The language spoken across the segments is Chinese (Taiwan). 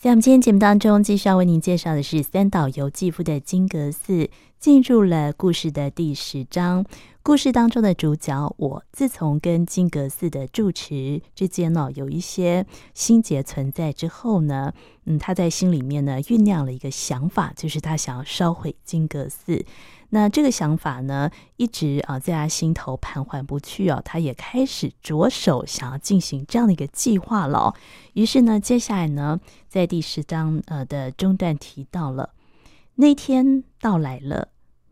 在我們今天節目當中，繼續要為您介紹的是三島由紀夫的《金閣寺》，進入了故事的第十章。故事當中的主角，我自從跟金閣寺的住持之間呢，哦，有一些心結存在之後呢，嗯，他在心裡面呢醞釀了一個想法，就是他想要燒毀金閣寺。那這個想法呢，一直啊在他心頭盤桓不去啊，他也開始着手想要進行這樣的一個計劃了。於是呢，接下來呢，在第十章呃的中段提到了，那天到來了，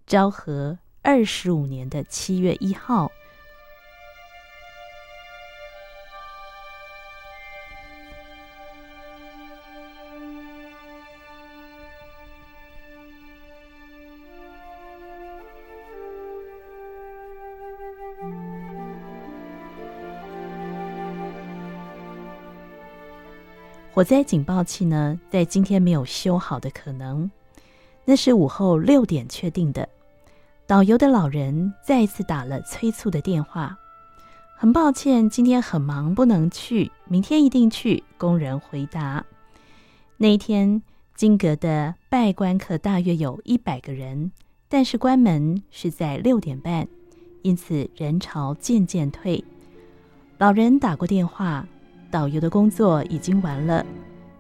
昭和二十五年的七月一號。火災警報器呢，在今天沒有修好的可能，那是午後六點確定的。導遊的老人再次打了催促的電話，很抱歉，今天很忙，不能去，明天一定去。工人回答。那一天，金閣的拜觀客大約有一百個人，但是關門是在六點半，因此人潮漸漸退。老人打過電話。導遊的工作已經完了，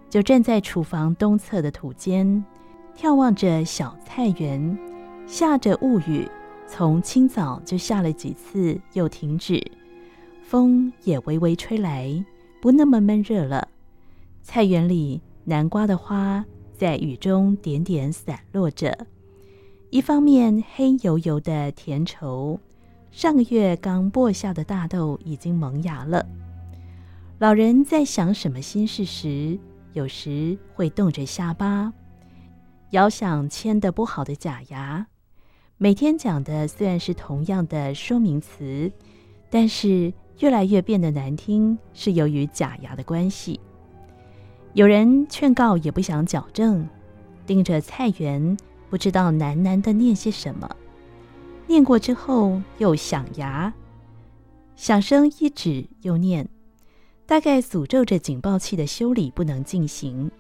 就站在廚房東側的土間，眺望着小菜園。下着霧雨，從清早就下了幾次，又停止。風也微微吹來，不那麼悶熱了。菜園裡南瓜的花在雨中點點散落着，一方面黑油油的田疇。上個月剛播下的大豆已經萌芽了。老人在想什麼心事時，有時會動着下巴，咬響嵌得不好的假牙。每天講的雖然是同樣的說明詞，但是越來越變得難聽，是由於假牙的關係。有人勸告也不想矯正，盯着菜園，不知道喃喃的念些什麼。念過之後又響牙，響聲一止又念。大概詛咒着警報器的修理不能進行。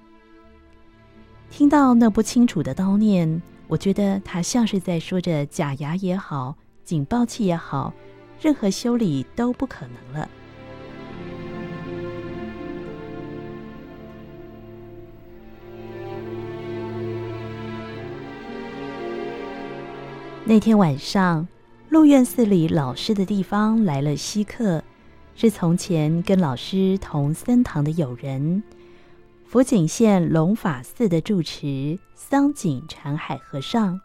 聽到那不清楚的叨念，我覺得他像是在說着假牙也好，警報器也好，任何修理都不可能了。那天晚上，鹿苑寺裡老師的地方來了稀客。是從前跟老師同僧堂的友人，福井縣龍法寺的住持桑井禪海和尚，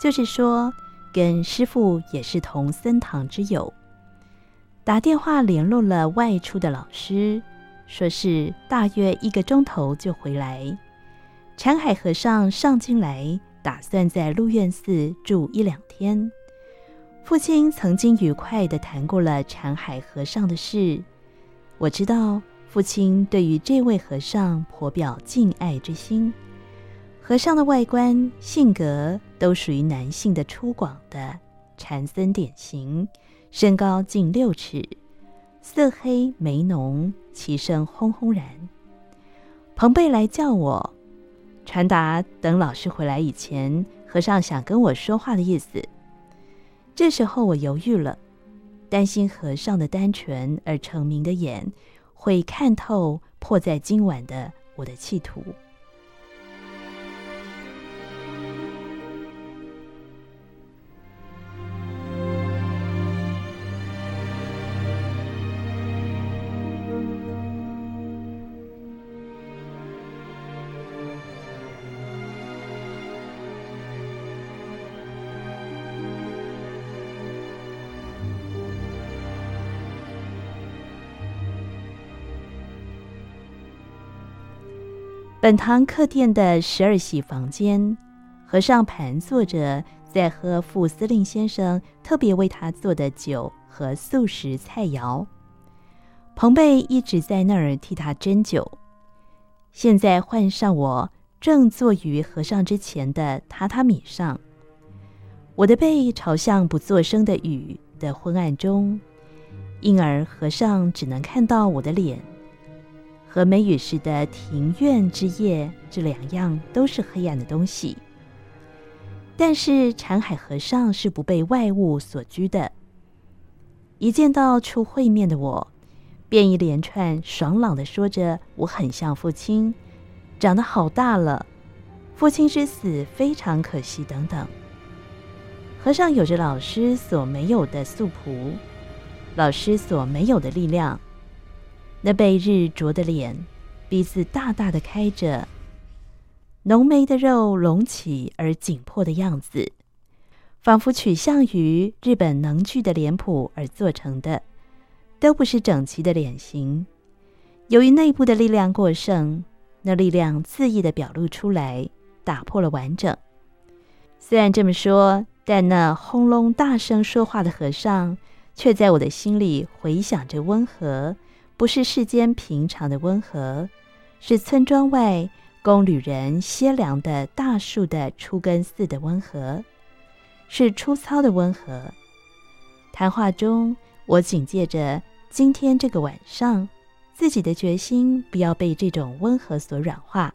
就是說跟師傅也是同僧堂之友。打電話聯絡了外出的老師，說是大約一個鐘頭就回來。禪海和尚上京來，打算在鹿苑寺住一兩天。父親曾經愉快地談過了禪海和尚的事，我知道父親對於這位和尚頗表敬愛之心。和尚的外觀、性格都屬於男性的粗獷的禪僧典型，身高近六尺，色黑眉濃，其聲轟轟然。朋輩來叫我，傳達等老師回來以前，和尚想跟我說話的意思。這時候我猶豫了，擔心和尚的單純而成名的眼會看透迫在今晚的我的企圖。本堂客店的十二席房間，和尚盤坐着，在喝副司令先生特別為他做的酒和素食菜肴。彭貝一直在那兒替他斟酒。現在換上我，正坐於和尚之前的榻榻米上。我的背朝向不作聲的雨的昏暗中，因而和尚只能看到我的臉。和梅雨時的庭院之夜，這兩樣都是黑暗的東西。但是禪海和尚是不被外物所拘的。一見到初會面的我，便一連串爽朗地說着：“我很像父親，長得好大了，父親之死非常可惜，等等。”和尚有着老師所沒有的素樸，老師所沒有的力量。那被日灼的臉，鼻子大大的開着，濃眉的肉隆起而緊迫的樣子，仿佛取向於日本能劇的臉譜而做成的，都不是整齊的臉型。由於內部的力量過剩，那力量恣意地表露出來，打破了完整。雖然這麼說，但那轟隆大聲說話的和尚，卻在我的心裡回響着溫和。不是世間平常的溫和，是村莊外供旅人歇涼的大樹的粗根似的溫和，是粗糙的溫和。談話中，我警戒着今天這個晚上自己的決心，不要被這種溫和所軟化。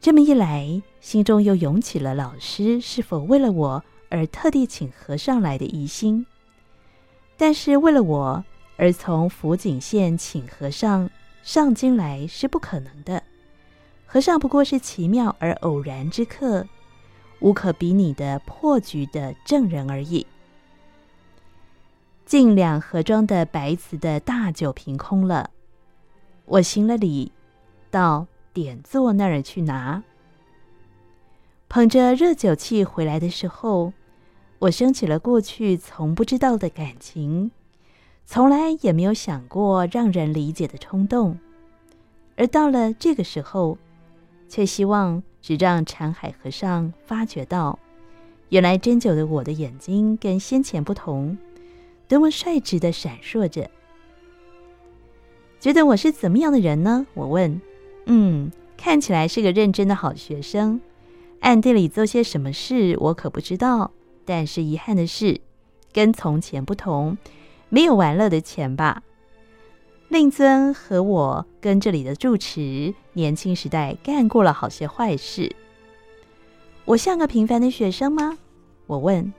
這麼一來，心中又湧起了老師是否為了我而特地請和尚來的疑心。但是為了我。而從福井縣請和尚上京來是不可能的。和尚不過是奇妙而偶然之客，無可比擬的破局的證人而已。近兩盒裝的白瓷的大酒瓶空了。我行了禮，到典座那兒去拿。捧着熱酒器回來的時候，我升起了過去從不知道的感情。從來也沒有想過讓人理解的衝動，而到了這個時候，卻希望只讓禪海和尚發覺到，原來針灸的我的眼睛跟先前不同。多麼率直的閃爍着，覺得我是怎麼樣的人呢？我問。嗯，看起來是個認真的好的學生，暗地裡做些什麼事我可不知道。但是遺憾的是，跟從前不同。沒有玩樂的錢吧？令尊和我跟這裡的住持年輕時代幹過了好些壞事。我像個平凡的學生嗎？我問。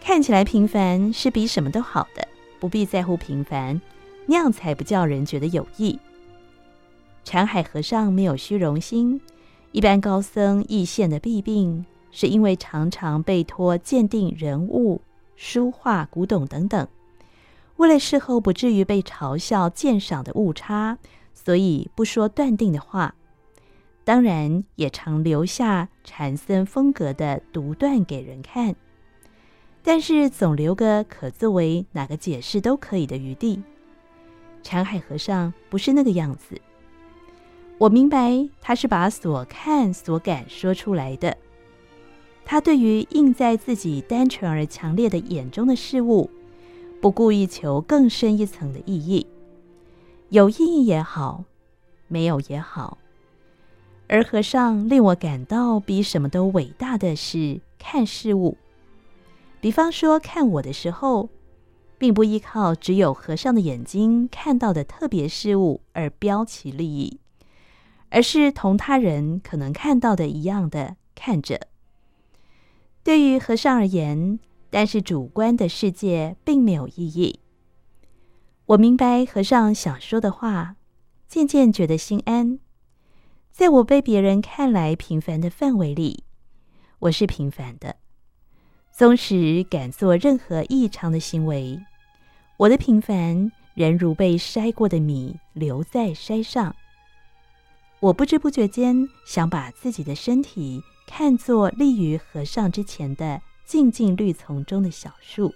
看起來平凡是比什麼都好的，不必在乎平凡，那樣才不叫人覺得有意。禪海和尚沒有虛榮心，一般高僧易現的弊病，是因為常常被托鑑定人物、書畫、古董等等。為了事後不至於被嘲笑鑑賞的誤差，所以不說斷定的話，當然也常留下禪僧風格的獨斷給人看，但是總留個可作為哪個解釋都可以的餘地。禪海和尚不是那個樣子，我明白他是把所看所感說出來的，他對於映在自己單純而強烈的眼中的事物。不故意求更深一層的意義，有意義也好，沒有也好。而和尚令我感到比什麼都偉大的是看事物，比方說看我的時候，並不依靠只有和尚的眼睛看到的特別事物而標其利益，而是同他人可能看到的一樣的看着。對於和尚而言。但是主觀的世界並沒有意義。我明白和尚想說的話，漸漸覺得心安。在我被別人看來平凡的範圍裡，我是平凡的。縱使敢做任何異常的行為，我的平凡仍如被篩過的米留在篩上。我不知不覺間，想把自己的身體看作立於和尚之前的。靜靜綠叢中的小樹。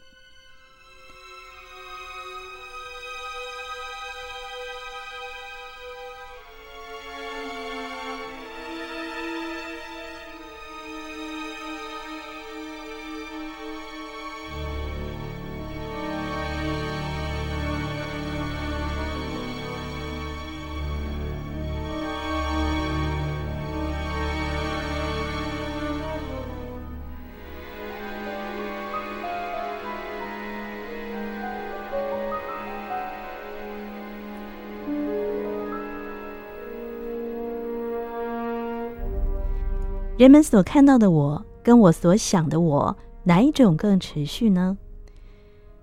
人們所看到的我，跟我所想的我，哪一種更持續呢？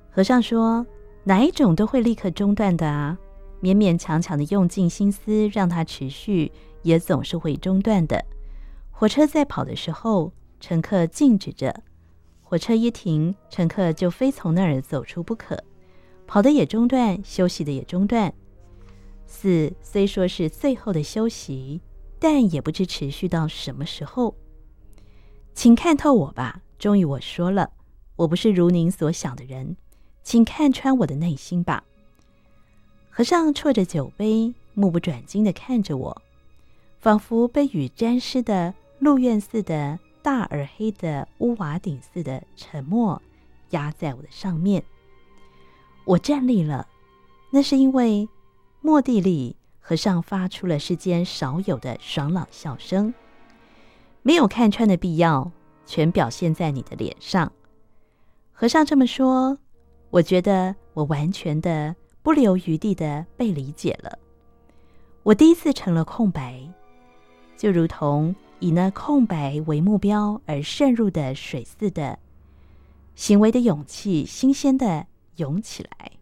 和尚說，哪一種都會立刻中斷的啊！勉勉強強的用盡心思讓它持續，也總是會中斷的。火車在跑的時候，乘客靜止着；火車一停，乘客就非從那兒走出不可。跑的也中斷，休息的也中斷。死，雖說是最後的休息。但也不知持續到什麼時候，請看透我吧。終於我說了，我不是如您所想的人，請看穿我的內心吧。和尚啜着酒杯，目不轉睛地看着我，仿佛被雨沾濕的鹿苑似的大而黑的屋瓦頂似的沉默壓在我的上面。我站立了，那是因為末地裡。和尚發出了世間少有的爽朗笑聲，沒有看穿的必要，全表現在你的臉上。和尚這麼說，我覺得我完全的不留餘地的被理解了。我第一次成了空白，就如同以那空白為目標而滲入的水似的，行為的勇氣新鮮的湧起來。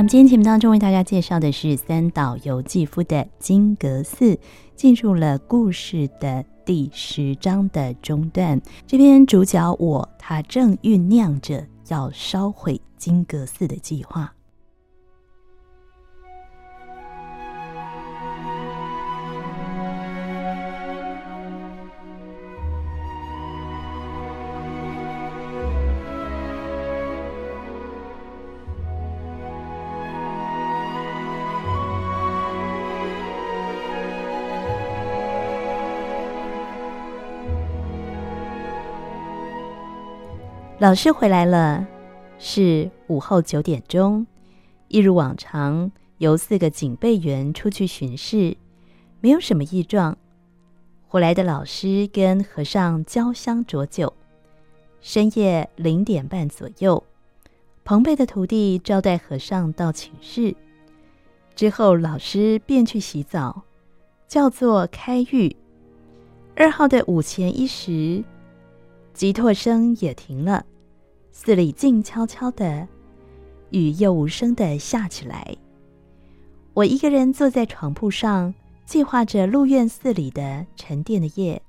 那麼今天節目當中為大家介紹的是三島由紀夫的《金閣寺》，進入了故事的第十章的中段。這篇主角我，他正醞釀着要燒毀金閣寺的計劃。老師回來了，是午後九點鐘，一如往常，由四個警備員出去巡視，沒有什麼異狀。回來的老師跟和尚交相酌酒，深夜零點半左右，彭貝的徒弟招待和尚到寢室，之後老師便去洗澡，叫做開浴。二號的午前一時，擊柝聲也停了。寺裡靜悄悄的，雨又無聲地下起來。我一個人坐在床鋪上，計劃着鹿苑寺裡的沉澱的夜。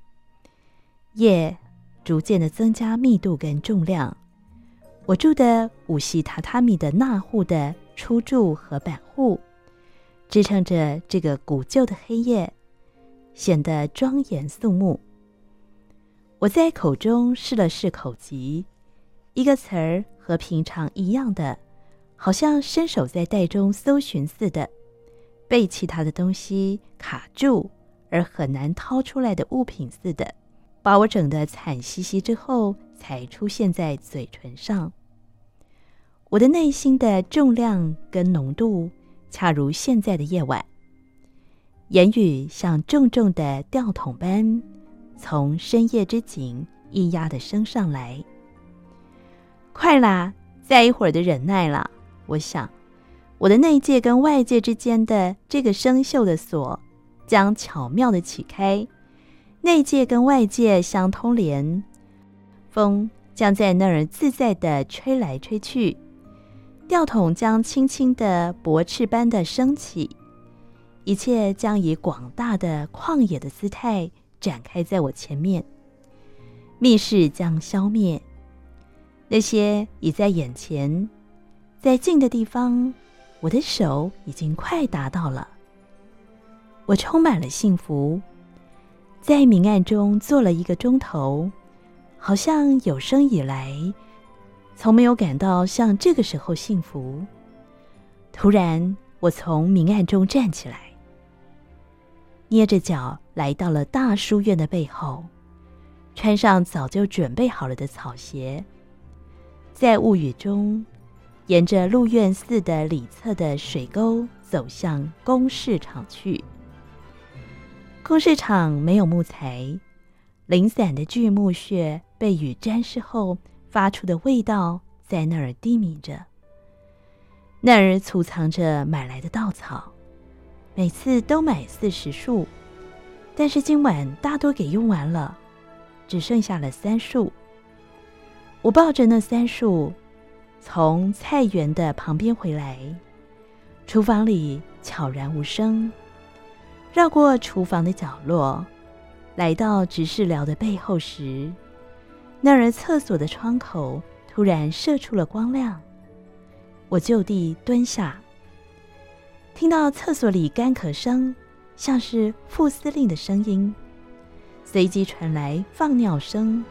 夜逐漸地增加密度跟重量。我住的五系榻榻米的納戶的出柱和板戶，支撐着這個古舊的黑夜，顯得莊嚴肅穆。我在口中試了試口笛。一個詞兒和平常一樣的，好像伸手在袋中搜尋似的，被其他的東西卡住而很難掏出來的物品似的，把我整得慘兮兮之後，才出現在嘴唇上。我的內心的重量跟濃度，恰如現在的夜晚，言語像重重的吊桶般，從深夜之井咿呀地升上來。快啦！再一會兒的忍耐了，我想，我的內界跟外界之間的這個生鏽的鎖，將巧妙的啟開，內界跟外界相通連，風將在那兒自在的吹來吹去，吊桶將輕輕的搏翅般的升起，一切將以廣大的曠野的姿態展開在我前面，密室將消滅。那些已在眼前，在近的地方，我的手已經快達到了。我充滿了幸福，在明暗中坐了一個鐘頭，好像有生以來，從沒有感到像這個時候幸福。突然，我從明暗中站起來，捏着腳來到了大書院的背後，穿上早就準備好了的草鞋。在霧雨中，沿着鹿苑寺的裡側的水溝走向工事場去。工事場沒有木材，零散的鋸木屑被雨沾濕後發出的味道在那兒低迷着。那兒儲藏着買來的稻草，每次都買四十束，但是今晚大多給用完了，只剩下了三束。我抱着那三束，從菜園的旁邊回來。廚房裡悄然無聲。繞過廚房的角落，來到執事寮的背後時，那兒廁所的窗口突然射出了光亮。我就地蹲下，聽到廁所裡乾咳聲，像是副司令的聲音。隨即傳來放尿聲。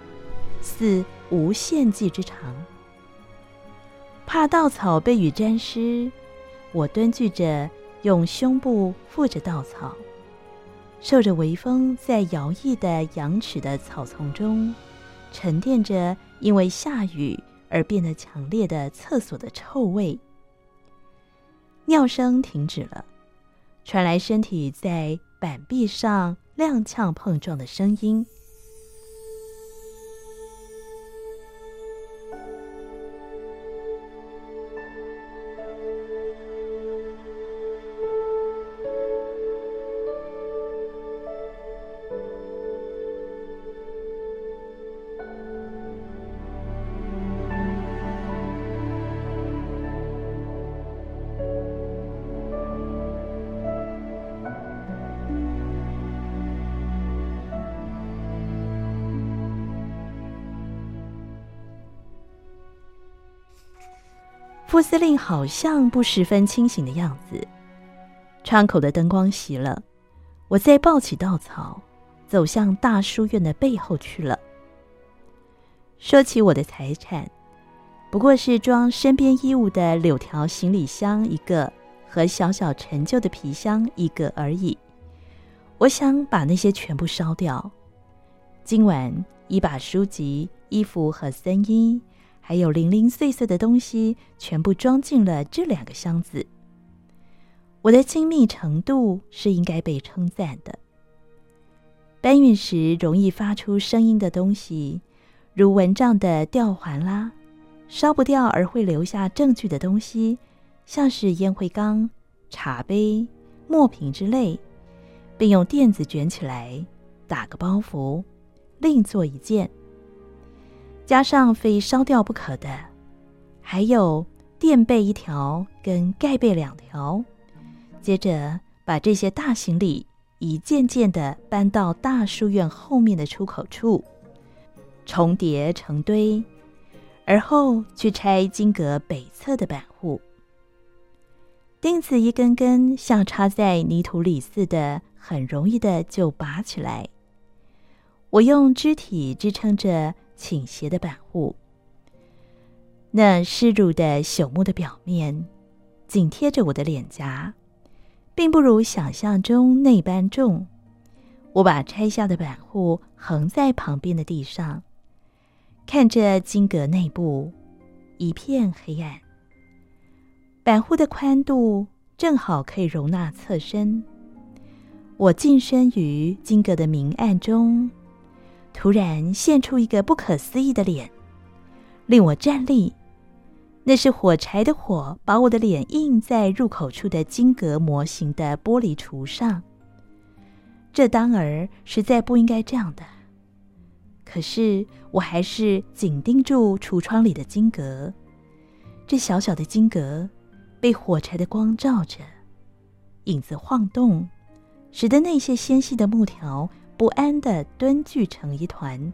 四。無限祭之長。怕稻草被雨沾濕，我蹲踞着，用胸部覆着稻草，受着微風在搖曳的羊齒的草叢中，沉澱着因為下雨而變得強烈的廁所的臭味。尿聲停止了，傳來身體在板壁上踉蹌碰撞的聲音。副司令好像不十分清醒的樣子。窗口的燈光熄了，我再抱起稻草，走向大書院的背後去了。說起我的財產，不過是裝身邊衣物的柳條行李箱一個和小小陳舊的皮箱一個而已。我想把那些全部燒掉。今晚，一把書籍、衣服和僧衣。還有零零碎碎的東西，全部裝進了這兩個箱子。我的精密程度是應該被稱讚的。搬運時容易發出聲音的東西，如蚊帳的吊環啦；燒不掉而會留下證據的東西，像是煙灰缸、茶杯、墨瓶之類，並用墊子捲起來，打個包袱，另做一件。加上非燒掉不可的，還有墊背一條跟蓋被兩條，接着把這些大行李一件件的搬到大書院後面的出口處，重疊成堆，而後去拆金閣北側的板戶，釘子一根根像插在泥土裡似的，很容易的就拔起來。我用肢體支撐着，傾斜的板戶，那濕潤的朽木的表面緊貼着我的臉頰，並不如想象中那般重。我把拆下的板戶橫在旁邊的地上，看着金閣內部一片黑暗。板戶的寬度正好可以容納側身，我近身於金閣的明暗中。突然現出一個不可思議的臉，令我戰慄。那是火柴的火把我的臉印在入口處的金閣模型的玻璃櫥上。這當兒實在不應該這樣的，可是我還是緊盯住櫥窗裡的金閣。這小小的金閣被火柴的光照着，影子晃動，使得那些纖細的木條。不安地蹲踞成一團，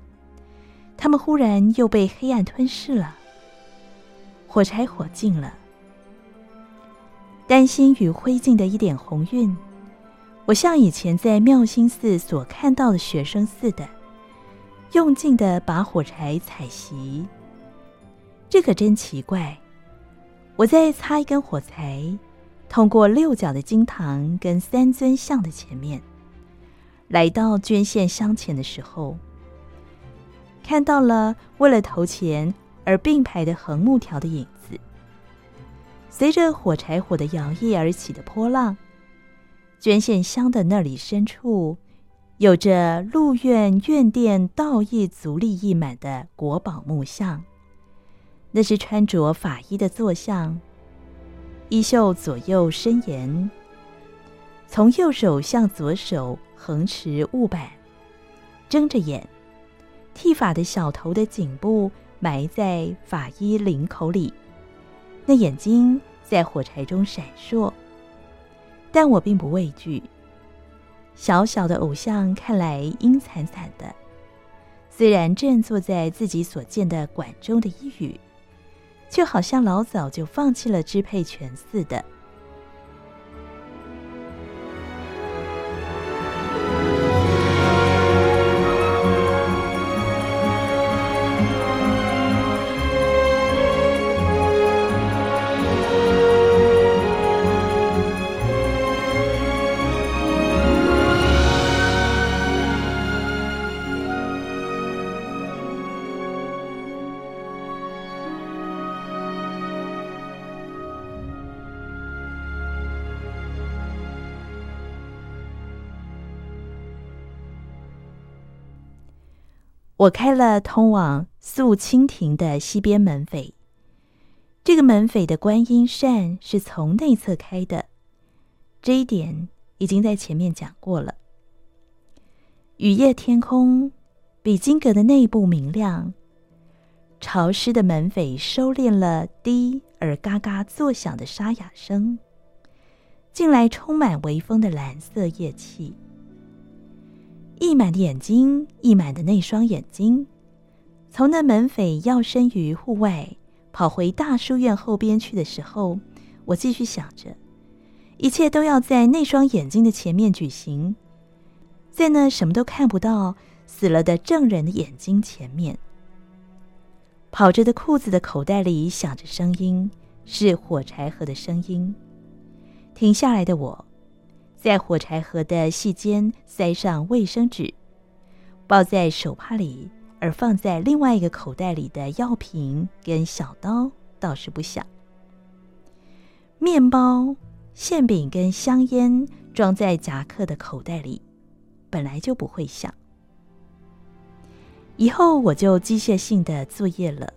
他們忽然又被黑暗吞噬了。火柴火盡了，擔心與灰燼的一點紅暈。我像以前在妙心寺所看到的學生似的，用勁地把火柴踩熄。這可真奇怪！我再擦一根火柴，通過六角的金堂跟三尊像的前面，來到捐獻箱前的時候，看到了為了投錢而並排的橫木條的影子。隨着火柴火的搖曳而起的波浪，捐獻箱的那裡深處，有着鹿苑院殿道義足利義滿的國寶木像，那是穿着法衣的坐像，衣袖左右伸延，從右手向左手。橫持物板，睜着眼，剃髮的小頭的頸部埋在法衣領口裡，那眼睛在火柴中閃爍。但我並不畏懼。小小的偶像看來陰慘慘的，雖然正坐在自己所見的館中的一隅，卻好像老早就放棄了支配權似的。我開了通往素清亭的西邊門扉，這個門扉的觀音扇是從內側開的，這一點已經在前面講過了。雨夜天空，比金閣的內部明亮，潮濕的門扉收斂了低而嘎嘎作響的沙啞聲，近來充滿微風的藍色夜氣。溢滿的眼睛，溢滿的那雙眼睛，從那門扉要身於戶外跑回大書院後邊去的時候，我繼續想着，一切都要在那雙眼睛的前面舉行，在那什麼都看不到死了的證人的眼睛前面。跑着的褲子的口袋裡響着聲音，是火柴盒的聲音。停下來的我。在火柴盒的隙間塞上衛生紙，包在手帕裡，而放在另外一個口袋裡的藥瓶跟小刀倒是不響。麵包、餡餅跟香菸裝在夾克的口袋裡，本來就不會響。以後我就機械性的作業了，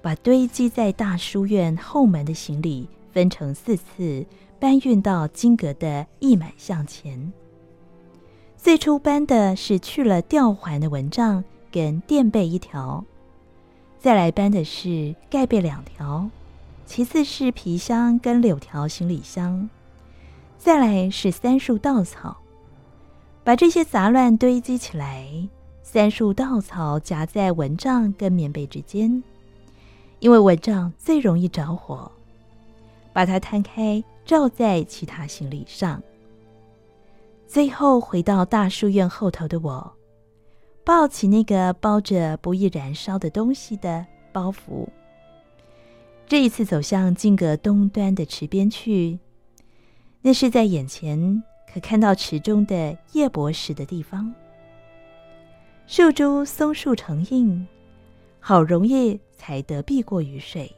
把堆積在大書院後門的行李分成四次，搬運到金閣的義滿像前。最初搬的是去了吊環的蚊帳跟墊被一條，再來搬的是蓋被兩條，其次是皮箱跟柳條行李箱，再來是三束稻草。把這些雜亂堆積起來，三束稻草夾在蚊帳跟棉被之間，因為蚊帳最容易着火，把它攤開。罩在其他行李上，最後回到大書院後頭的我，抱起那個包着不易燃燒的東西的包袱。這一次走向金閣東端的池邊去，那是在眼前可看到池中的夜泊石的地方。數株松樹成蔭，好容易才得避過雨水。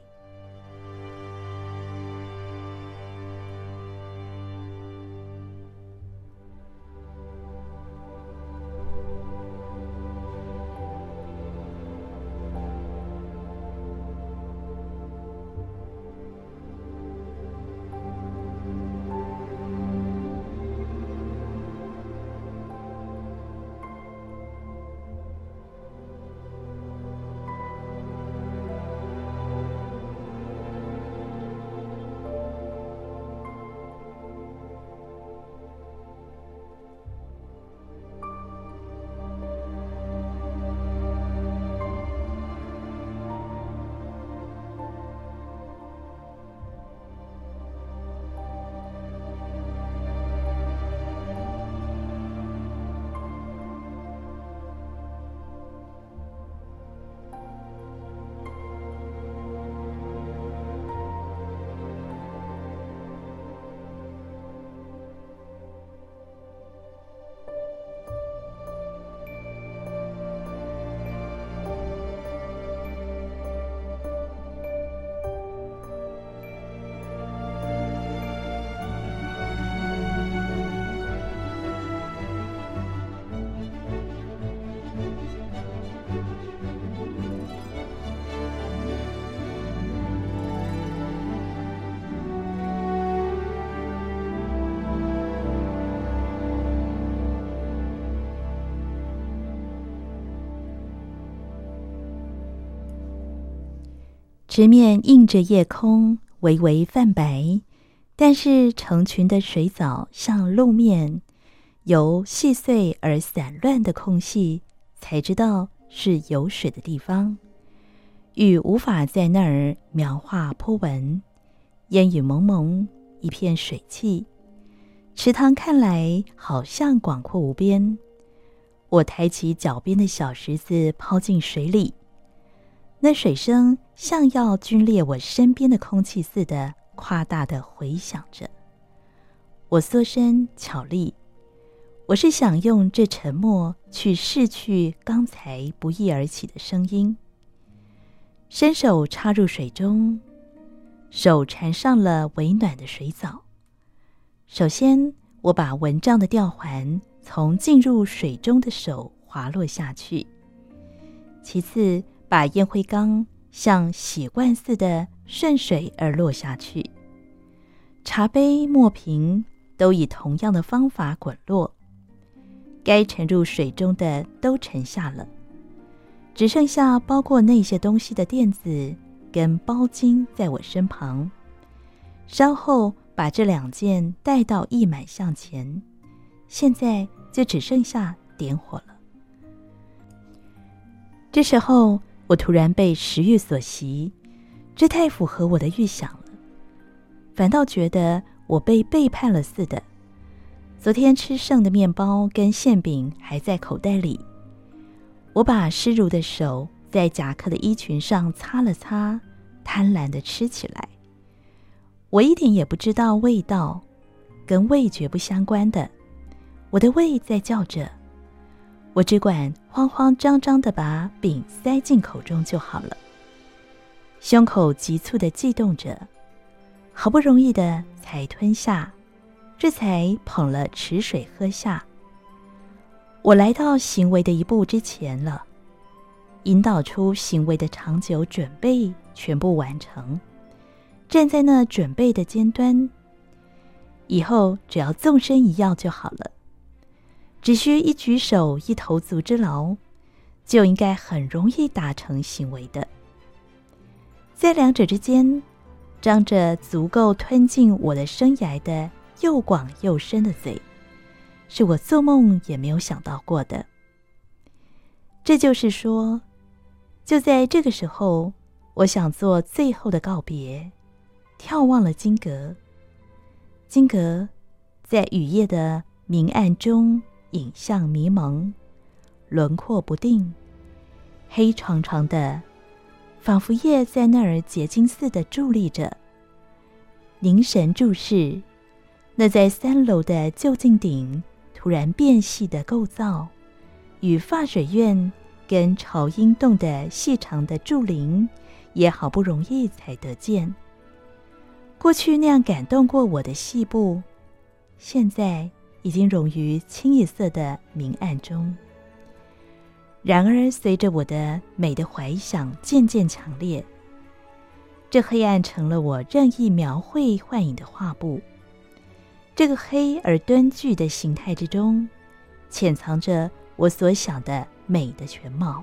池面映着夜空，微微泛白。但是成群的水藻像露面，由細碎而散亂的空隙，才知道是有水的地方。雨無法在那兒描畫波紋，煙雨蒙蒙，一片水汽，池塘看來好像廣闊無邊。我抬起腳邊的小石子，拋進水裡。那水聲像要皸裂我身邊的空氣似的，誇大地回響着。我縮身巧立，我是想用這沉默去拭去剛才不翼而起的聲音。伸手插入水中，手纏上了微暖的水藻。首先，我把蚊帳的吊環從浸入水中的手滑落下去。其次。把煙灰缸像洗罐似的順水而落下去，茶杯、墨瓶、都以同樣的方法滾落，該沉入水中的都沉下了，只剩下包括那些東西的墊子跟包巾在我身旁。稍後把這兩件帶到義滿像前，現在就只剩下點火了。這時候，我突然被食欲所襲，這太符合我的預想了，反倒覺得我被背叛了似的。昨天吃剩的麵包跟餡餅還在口袋裡，我把濕濡的手在夾克的衣裙上擦了擦，貪婪地吃起來。我一點也不知道味道，跟味覺不相關的，我的胃在叫着。我只管慌慌張張的把餅塞進口中就好了，胸口急促的悸動着，好不容易的才吞下，這才捧了池水喝下。我來到行為的一步之前了，引導出行為的長久準備全部完成，站在那準備的尖端，以後只要縱身一躍就好了。只需一舉手一投足之勞，就應該很容易達成行為的。在兩者之間，張着足夠吞進我的生涯的又廣又深的嘴，是我做夢也沒有想到過的。這就是說，就在這個時候，我想做最後的告別，眺望了金閣。金閣在雨夜的明暗中。影像迷濛，輪廓不定，黑長長的，仿佛夜在那兒結晶似的佇立着。凝神注視，那在三樓的究竟頂突然變細的構造，與法水院跟潮音洞的細長的柱林，也好不容易才得見。過去那樣感動過我的細部，現在，已經融於清一色的明暗中。然而，隨着我的美的懷想漸漸強烈，這黑暗成了我任意描繪幻影的畫布。這個黑而端具的形態之中，潛藏着我所想的美的全貌。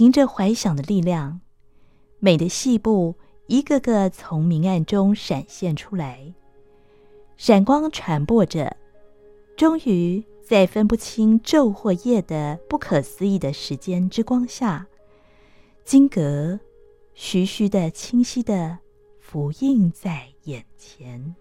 憑着懷想的力量，美的細部一個個從明暗中閃現出來，閃光傳播着，終於在分不清晝或夜的不可思議的時間之光下，金閣徐徐地清晰地浮映在眼前。